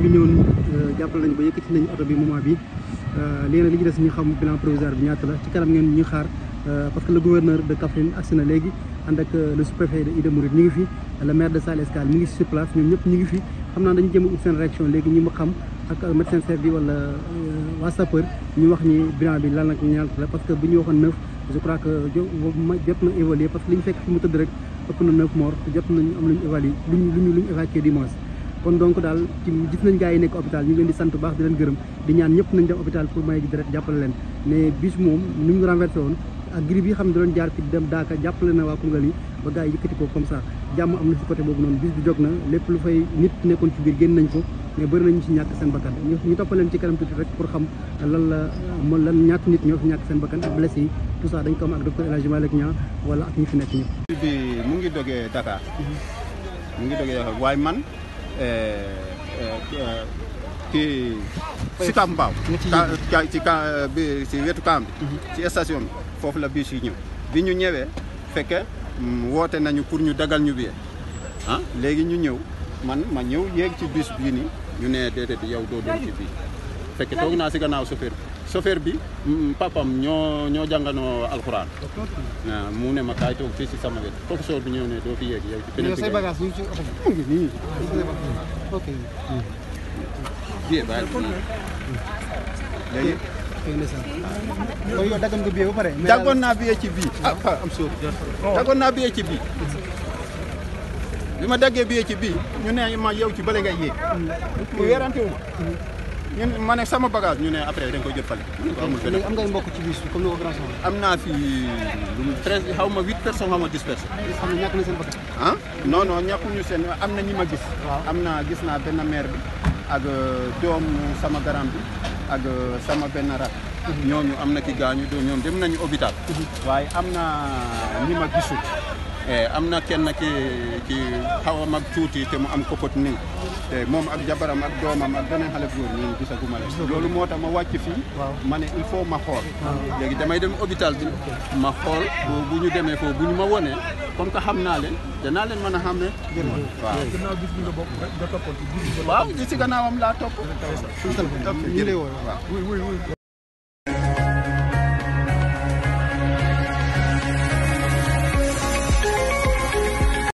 bi ñëw nañ euh, jàppal nañ ba yëkkati nañ oto bi moment bi euh, léegi nag li ci des ñu xam bilan provisoire bi ñaata la ci kanam ngeen ñu xaar euh, parce que le gouverneur de Kaffrine agsi léegi ànd ak le sous de Ida Mouride ngi fi le maire de Saly Escale mi ngi sur ñoom ñëpp ñu ngi fi xam naa dañu jëm ut seen réaction léegi ñi ma xam ak médecin chef bi wala waa ñu wax ñi bilan bi lan nag ñaata la parce que bu ñu waxoon neuf je crois que jot na évaluer parce que li ñu kon donc daal ci gis nañ gars yi nekk hôpital ñu ngi leen di sant baax di leen gërëm di ñaan ñëpp nañ dem hôpital pour may gi deret jàppale leen mais bis moom ni mu renversé woon ak grippe yi xam ne doon jaar fi dem daaka jàppale na waa Koungheul yi ba gars yi yëkkati ko comme ça jàmm am na si côté boobu noonu bis bi jóg na lépp lu fay nit nekkoon ci biir génn nañ ko mais bëri nañu si ñàkk seen bakkan ñu toppaleen ci kanam tuuti rek pour xam lan la mo lan ñaata nit ñoo fi ñàkk seen bakkan ak blessé yi tout ça dañ ko am ak docteur El Hadji mhm. waaye man kii eh, eh, eh, Sicap Mbao ci camp bi ci wetu camp bi mhm. ci station bi foofu la bus yi ñëw bi ñu ñëwee fekke mm, woote nañu pour ñu dagal ñu billet ah léegi ñu ñëw man ma ñëw yéeg ci bus bii nii ñu ne déedéet yow doo doon ci bii fekke toog naa si gannaaw chauffeur bi chauffeur bi papam ñoo ñoo jànganoo alxuraan. mu ne ma kaay toog fii si sama wet professeur bi ñëw ne doo fi yéeg yow. ci beneen bi say bagage ñu ci oto bi ngi nii. daggoon naa bi ci bii. ah, ah, ah naa billet ci bii. bi ma daggee billet ci bii. ñu ne ma yow ci bële ngay ñun ma ne sama bagage ñu ne après da nga koy jot fale. léegi am ngay mbokk ci bis am naa fi lu mu treize xaw ma huit personnes xaw ma dix personnes. xam ne ñàkk na seen bakkan. ah non am na ñi ma gis. am naa gis naa benn mère bi ak euh, doom sama garam bi ak euh, sama benn rak. Mhm. ñooñu am na ki gaañu ñoom dem nañu hôpital. Mhm. waaye am naa ñi ma gisul. Eh, am na kenn ki ki xaw a mag tuuti te mu am kokot nii te eh, moom ak jabaram ak doomam ak beneen xale góor ñun gisaguma leen loolu moo tax ma wàcc fi ma ne il faut ma xool ah. léegi damay dem hôpital bi ma xool bu ñu demee foofu bu ñu ma wonee comme que xam naa leen danaa leen mën a xam ne waaw gannaaw gis bi nga bokk nga toppoon waaw ci laa topp